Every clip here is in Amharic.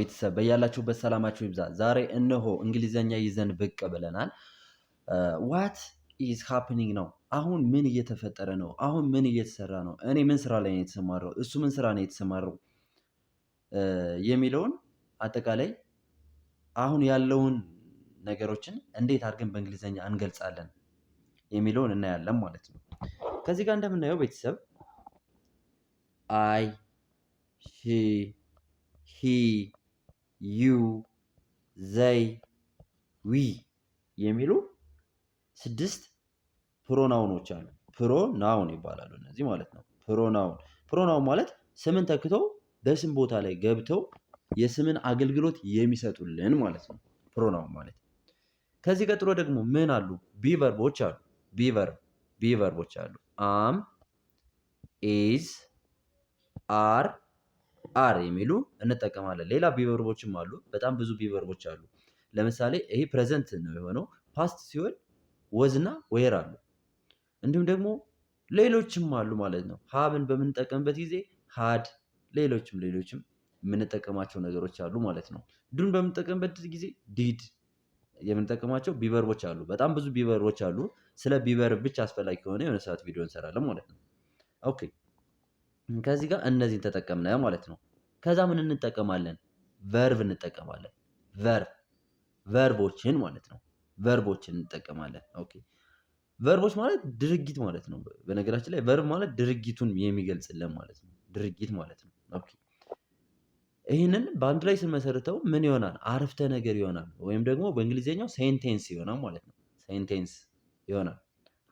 ቤተሰብ በያላችሁበት ሰላማችሁ ይብዛ። ዛሬ እነሆ እንግሊዘኛ ይዘን ብቅ ብለናል። ዋት ኢዝ ሃፕኒንግ ነው። አሁን ምን እየተፈጠረ ነው? አሁን ምን እየተሰራ ነው? እኔ ምን ስራ ላይ ነው የተሰማረው? እሱ ምን ስራ ነው የተሰማረው? የሚለውን አጠቃላይ አሁን ያለውን ነገሮችን እንዴት አድርገን በእንግሊዘኛ እንገልጻለን የሚለውን እናያለን ማለት ነው። ከዚህ ጋር እንደምናየው ቤተሰብ አይ ሂ ዩ፣ ዘይ፣ ዊ የሚሉ ስድስት ፕሮናውኖች አሉ። ፕሮናውን ይባላሉ እነዚህ ማለት ነው። ፕሮናውን ፕሮናውን ማለት ስምን ተክተው በስም ቦታ ላይ ገብተው የስምን አገልግሎት የሚሰጡልን ማለት ነው። ፕሮናውን ማለት ከዚህ ቀጥሎ ደግሞ ምን አሉ? ቢቨርቦች አሉ። ቢቨርብ ቢቨርቦች አሉ። አም፣ ኢዝ፣ አር አር የሚሉ እንጠቀማለን። ሌላ ቢቨርቦችም አሉ። በጣም ብዙ ቢቨርቦች አሉ። ለምሳሌ ይሄ ፕሬዘንት ነው የሆነው። ፓስት ሲሆን ወዝና ወየር አሉ። እንዲሁም ደግሞ ሌሎችም አሉ ማለት ነው። ሀብን በምንጠቀምበት ጊዜ ሀድ፣ ሌሎችም ሌሎችም የምንጠቀማቸው ነገሮች አሉ ማለት ነው። ዱን በምንጠቀምበት ጊዜ ዲድ የምንጠቀማቸው ቢቨርቦች አሉ። በጣም ብዙ ቢቨርቦች አሉ። ስለ ቢቨርብ ብቻ አስፈላጊ ከሆነ የሆነ ሰዓት ቪዲዮ እንሰራለን ማለት ነው። ኦኬ ከዚህ ጋር እነዚህን ተጠቀምነ ማለት ነው። ከዛ ምን እንጠቀማለን? ቨርብ እንጠቀማለን። ቨርብ ቨርቦችን ማለት ነው። ቨርቦችን እንጠቀማለን። ኦኬ ቨርቦች ማለት ድርጊት ማለት ነው። በነገራችን ላይ ቨርብ ማለት ድርጊቱን የሚገልጽልን ማለት ነው። ድርጊት ማለት ነው። ኦኬ ይህንን በአንድ ላይ ስንመሰርተው ምን ይሆናል? አረፍተ ነገር ይሆናል። ወይም ደግሞ በእንግሊዝኛው ሴንቴንስ ይሆናል ማለት ነው። ሴንቴንስ ይሆናል።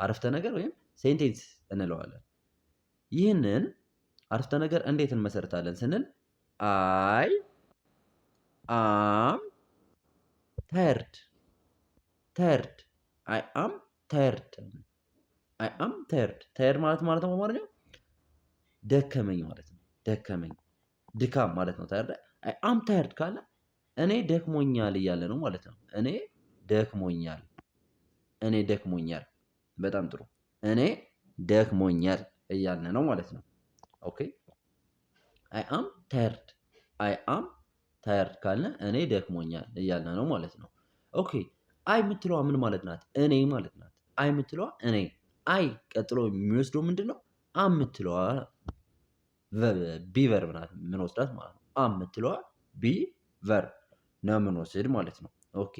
አረፍተ ነገር ወይም ሴንቴንስ እንለዋለን። ይህንን አረፍተ ነገር እንዴት እንመሰርታለን ስንል አይ አም ተርድ ተርድ አይ አም ተርድ አይ አም ተርድ ተርድ ማለት ማለት ነው በአማርኛው ደከመኝ ማለት ነው። ደከመኝ ድካም ማለት ነው። ተርድ አይ አም ተርድ ካለ እኔ ደክሞኛል እያለ ነው ማለት ነው። እኔ ደክሞኛል እኔ ደክሞኛል። በጣም ጥሩ እኔ ደክሞኛል እያለ ነው ማለት ነው። ኦኬ አይ አም ታየርድ አይ አም ታየርድ ካልነ እኔ ደክሞኛል እያልነ ነው ማለት ነው። ኦኬ አይ የምትለዋ ምን ማለት ናት? እኔ ማለት ናት። አይ የምትለዋ እኔ። አይ ቀጥሎ የሚወስደው ምንድን ነው? አም የምትለዋ ቢቨርብ ናት የምንወስዳት ማለት ነው። አም የምትለዋ ቢቨርብ ነው የምንወስድ ማለት ነው። ኦኬ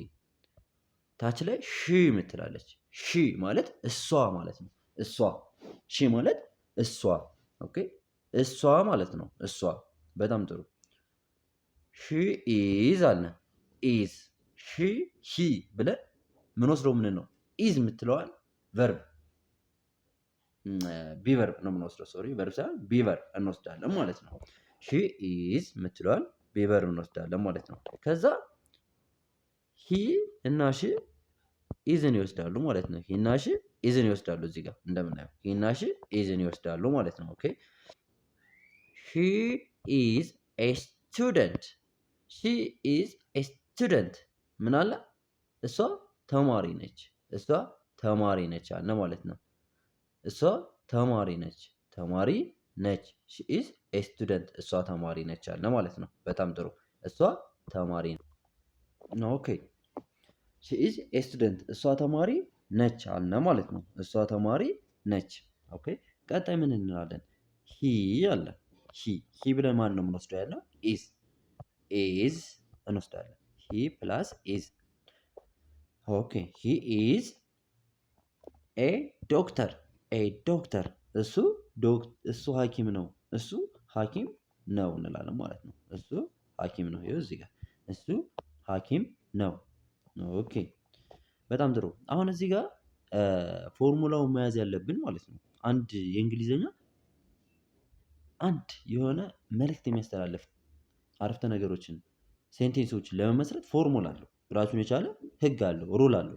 ታች ላይ ሺ የምትላለች። ሺ ማለት እሷ ማለት ነው። እሷ ሺ ማለት እሷ ኦኬ እሷ ማለት ነው። እሷ በጣም ጥሩ። ሺ ኢዝ አለ ኢዝ ሺ ሂ ብለን ምን ወስደው ምን ነው ኢዝ የምትለዋል ቨርብ ቢቨርብ ነው የምንወስደው። ሶሪ ቨርብ ሳይሆን ቢቨር እንወስዳለን ማለት ነው። ሺ ኢዝ የምትለዋል ቢቨር እንወስዳለን ማለት ነው። ከዛ ሂ እና ሺ ኢዝን ይወስዳሉ ማለት ነው። ሂና ሺ ኢዝን ይወስዳሉ እዚህ ጋር እንደምናየው ሂና ሺ ኢዝን ይወስዳሉ ማለት ነው። ኦኬ ሂ ኢዝ ኤ ስቱደንት ሺ ኢዝ ኤ ስቱደንት ምን አለ እሷ ተማሪ ነች። እሷ ተማሪ ነች አለ ማለት ነው። እሷ ተማሪ ነች። ተማሪ ነች። ሺ ኢዝ ኤ ስቱደንት እሷ ተማሪ ነች አለ ማለት ነው። በጣም ጥሩ። እሷ ተማሪ ነው። ኦኬ ሺ ኢዝ ኤ ስቱደንት እሷ ተማሪ ነች አለ ማለት ነው። እሷ ተማሪ ነች። ኦኬ ቀጣይ ምን እንላለን? ሂ አለ ሂ ሂ ብለን ማን ነው የምንወስደው? ያለው ኢዝ ኢዝ እንወስዳለን። ሂ ፕላስ ኢዝ ኦኬ። ሂ ኢዝ ኤ ዶክተር ኤ ዶክተር እሱ እሱ ሐኪም ነው እሱ ሐኪም ነው እንላለን ማለት ነው። እሱ ሐኪም ነው። ይኸው እዚህ ጋር እሱ ሐኪም ነው። ኦኬ በጣም ጥሩ። አሁን እዚህ ጋር ፎርሙላውን መያዝ ያለብን ማለት ነው። አንድ የእንግሊዝኛ አንድ የሆነ መልእክት የሚያስተላልፍ አረፍተ ነገሮችን ሴንቴንሶችን ለመመስረት ፎርሙላ አለው። ራሱን የቻለ ህግ አለው፣ ሩል አለው።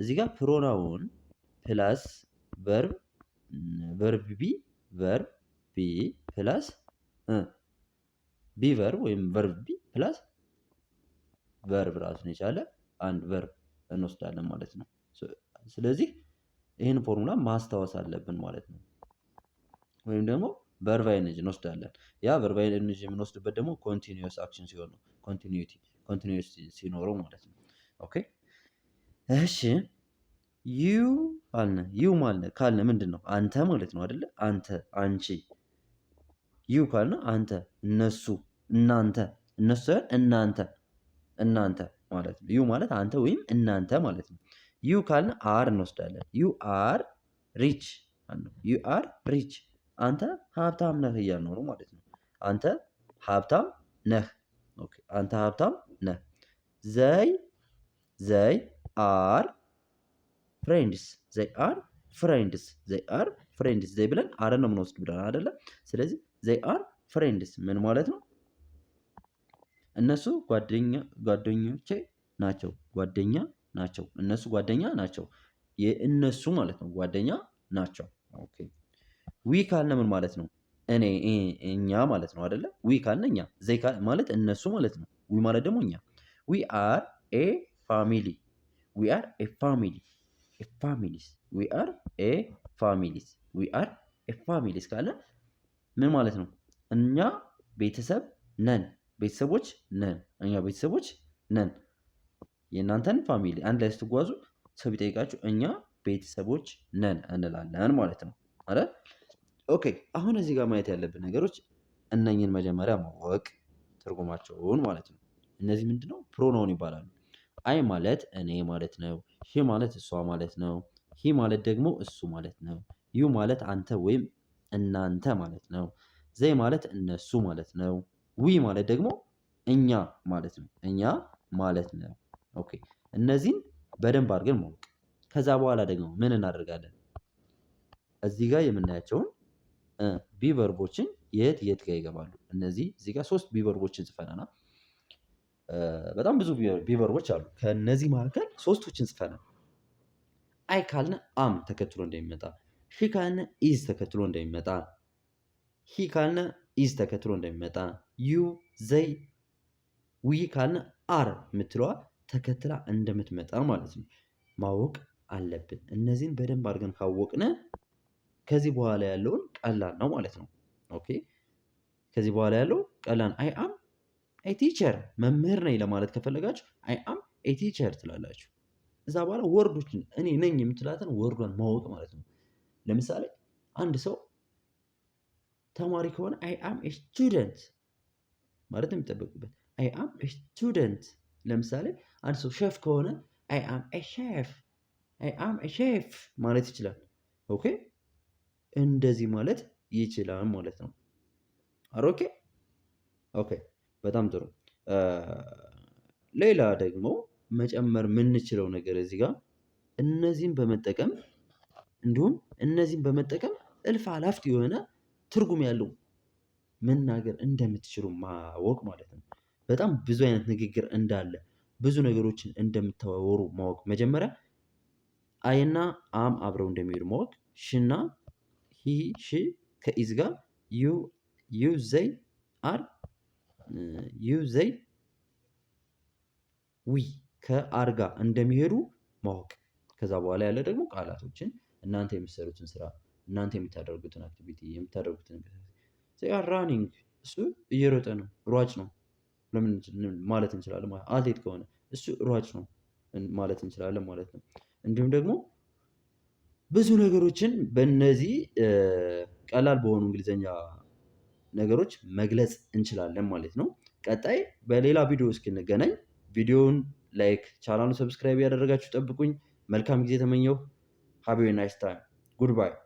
እዚህ ጋር ፕሮናውን ፕላስ ቨርብ ቨርብ ቢ ቨርብ ቢ ፕላስ ቢ ቨርብ ወይም ቨርብ ቢ ፕላስ ቨርብ ራሱን የቻለ አንድ ቨርብ እንወስዳለን ማለት ነው። ስለዚህ ይህን ፎርሙላ ማስታወስ አለብን ማለት ነው ወይም ደግሞ ቨርባል ኤነርጂ እንወስዳለን። ያ ቨርባል ኤነርጂ የምንወስድበት ደግሞ ኮንቲኒዩስ አክሽን ሲሆን ነው። ኮንቲኒዩቲ ኮንቲኒዩስ ሲኖረው ማለት ነው። ኦኬ እሺ ዩ አልነ ዩ ማለት ካልነ ምንድን ነው? አንተ ማለት ነው አይደለ? አንተ፣ አንቺ። ዩ ካልነ አንተ፣ እነሱ፣ እናንተ፣ እነሱ ሳይሆን እናንተ፣ እናንተ ማለት ነው። ዩ ማለት አንተ ወይም እናንተ ማለት ነው። ዩ ካልነ አር እንወስዳለን። ዩ አር ሪች፣ ዩ አር ሪች አንተ ሀብታም ነህ እያልን ነው ማለት ነው። አንተ ሀብታም ነህ። አንተ ሀብታም ነህ። ዘይ ዘይ አር ፍሬንድስ ዘይ አር ፍሬንድስ ዘይ አር ፍሬንድስ ዘይ ብለን አረ ነው ምንወስድ ብለን አደለ። ስለዚህ ዘይ አር ፍሬንድስ ምን ማለት ነው? እነሱ ጓደኛ ጓደኞቼ ናቸው። ጓደኛ ናቸው። እነሱ ጓደኛ ናቸው። የእነሱ ማለት ነው ጓደኛ ናቸው። ኦኬ ዊ ካልነ ምን ማለት ነው? እኔ እኛ ማለት ነው አደለ? ዊ ካልነ እኛ፣ ዘይ ማለት እነሱ ማለት ነው። ዊ ማለት ደግሞ እኛ። ዊ አር ኤ ፋሚሊ፣ ዊ አር ኤ ፋሚሊ፣ ፋሚሊስ፣ ዊ አር ኤ ፋሚሊስ፣ ዊ አር ኤ ፋሚሊስ ካለ ምን ማለት ነው? እኛ ቤተሰብ ነን፣ ቤተሰቦች ነን፣ እኛ ቤተሰቦች ነን። የእናንተን ፋሚሊ አንድ ላይ ስትጓዙ ሰው ቢጠይቃችሁ እኛ ቤተሰቦች ነን እንላለን ማለት ነው አይደል? ኦኬ አሁን እዚህ ጋር ማየት ያለብን ነገሮች እነኝን መጀመሪያ ማወቅ ትርጉማቸውን ማለት ነው። እነዚህ ምንድነው? ፕሮናውን ይባላሉ። አይ ማለት እኔ ማለት ነው። ሺ ማለት እሷ ማለት ነው። ሂ ማለት ደግሞ እሱ ማለት ነው። ዩ ማለት አንተ ወይም እናንተ ማለት ነው። ዘይ ማለት እነሱ ማለት ነው። ዊ ማለት ደግሞ እኛ ማለት ነው። እኛ ማለት ነው። ኦኬ እነዚህን በደንብ አድርገን ማወቅ ከዛ በኋላ ደግሞ ምን እናደርጋለን? እዚህ ጋር የምናያቸውን ቢቨርቦችን የት የት ጋር ይገባሉ? እነዚህ እዚህ ጋር ሶስት ቢቨርቦችን ጽፈናል። በጣም ብዙ ቢቨርቦች አሉ። ከነዚህ መካከል ሶስቶችን ጽፈናል። አይ ካልን አም ተከትሎ እንደሚመጣ፣ ሺ ካልን ኢዝ ተከትሎ እንደሚመጣ፣ ሂ ካልን ኢዝ ተከትሎ እንደሚመጣ፣ ዩ ዘይ ዊ ካልን አር የምትለዋ ተከትላ እንደምትመጣ ማለት ነው ማወቅ አለብን። እነዚህን በደንብ አድርገን ካወቅነ ከዚህ በኋላ ያለውን ቀላል ነው ማለት ነው። ኦኬ ከዚህ በኋላ ያለው ቀላል አይ አም ኤ ቲቸር መምህር ነኝ ለማለት ከፈለጋችሁ አይ አም ኤ ቲቸር ትላላችሁ። እዛ በኋላ ወርዶችን እኔ ነኝ የምትላትን ወርዷን ማወቅ ማለት ነው። ለምሳሌ አንድ ሰው ተማሪ ከሆነ አይ አም ኤ ስቱደንት ማለት ነው የሚጠበቅበት። አይ አም ኤ ስቱደንት። ለምሳሌ አንድ ሰው ሼፍ ከሆነ አይ አም ኤ ሼፍ፣ አይ አም ኤ ሼፍ ማለት ይችላል። ኦኬ እንደዚህ ማለት ይችላል ማለት ነው። አሮኬ ኦኬ፣ በጣም ጥሩ። ሌላ ደግሞ መጨመር የምንችለው ነገር እዚህ ጋር እነዚህን በመጠቀም እንዲሁም እነዚህን በመጠቀም እልፍ አላፍት የሆነ ትርጉም ያለው መናገር እንደምትችሉ ማወቅ ማለት ነው። በጣም ብዙ አይነት ንግግር እንዳለ ብዙ ነገሮችን እንደምታወሩ ማወቅ መጀመሪያ አይና አም አብረው እንደሚሄዱ ማወቅ ሽና ሂ ሺ ከኢዝ ጋር ዩ ዩ ዘይ አር ዩ ዘይ ዊ ከአር ጋር እንደሚሄዱ ማወቅ። ከዛ በኋላ ያለ ደግሞ ቃላቶችን እናንተ የምትሰሩትን ስራ እናንተ የምታደርጉትን አክቲቪቲ የምታደርጉትን ዘይ ራኒንግ እሱ እየሮጠ ነው ሯጭ ነው ማለት እንችላለን። አትሌት ከሆነ እሱ ሯጭ ነው ማለት እንችላለን ማለት ነው። እንዲሁም ደግሞ ብዙ ነገሮችን በእነዚህ ቀላል በሆኑ እንግሊዘኛ ነገሮች መግለጽ እንችላለን ማለት ነው። ቀጣይ በሌላ ቪዲዮ እስክንገናኝ ቪዲዮውን ላይክ ቻናሉ ሰብስክራይብ ያደረጋችሁ ጠብቁኝ። መልካም ጊዜ ተመኘሁ። ሀቢ ናይስ ታይም